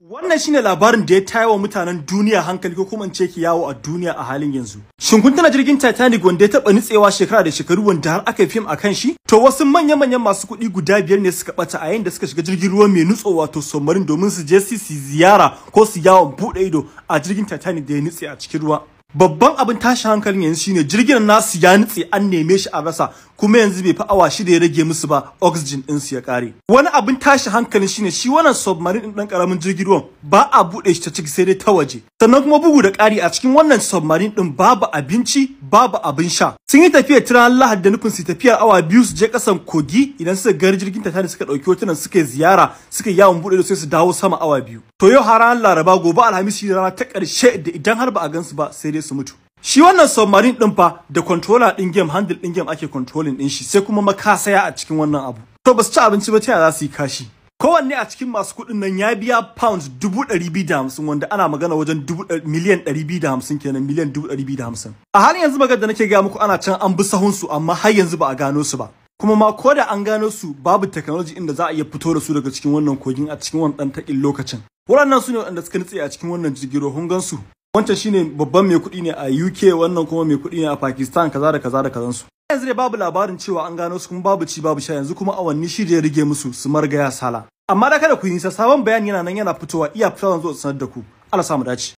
Wannan shine labarin da ya taya wa mutanen duniya hankali ko kuma ce ki yawo a duniya a halin yanzu. Shin kun tana jirgin Titanic wanda ya taba nitsewa shekara da shekaru wanda har aka yi akan shi? To wasu manya-manyan masu kuɗi guda biyar ne suka bata a yayin da suka shiga jirgin ruwa mai nutso wato submarine domin su je su ziyara ko su yawon bude ido a jirgin Titanic da ya nitse a cikin ruwa. babban abin tashi hankalin yanzu shine jirgin nasu ya nutse an neme shi a rasa kuma yanzu bai fi awa da ya rage musu ba oxygen din su ya kare wani abin tashi hankalin shine shi wannan submarine din dan karamin jirgin ruwan ba a bude shi ta ciki sai dai ta waje sannan kuma bugu da kari a cikin wannan submarine din babu abinci babu abin sha sun yi tafiyar tira lahad da nufin su tafiyar awa biyu su je kasan kogi idan suka gari jirgin tatani suka dauki hotunan suka ziyara suka yawon bude da sai su dawo sama awa biyu to yau har ran laraba gobe alhamis shi rana ta karshe da idan har ba a gansu ba sai dai su mutu shi wannan submarine din fa da controller din game handle din game ake controlling din shi sai kuma makasaya a cikin wannan abu to ba su ci abinci ba ta yaya za su yi kashi kowanne a cikin masu kuɗin nan ya biya pounds dubu ɗari biyu da hamsin wanda ana magana wajen dubu miliyan ɗari biyu da hamsin kenan miliyan dubu ɗari biyu da hamsin a halin yanzu magana da nake gaya muku ana can an bi sahunsu amma har yanzu ba a gano su ba kuma ma ko da an gano su babu technology inda za a iya fito da su daga cikin wannan kogin a cikin wannan takin lokacin waɗannan su ne waɗanda suka nutse a cikin wannan jirgin gan su wancan shine babban mai kuɗi ne a UK wannan kuma mai kuɗi ne a Pakistan kaza da kaza da su yanzu dai babu labarin cewa an gano su kuma babu ci babu sha yanzu kuma awanni shida ya rige musu su marga ya sala amma da kada ku yi nisa sabon bayani yana nan yana fitowa iya fitowa zuwa sanar da ku Allah samu dace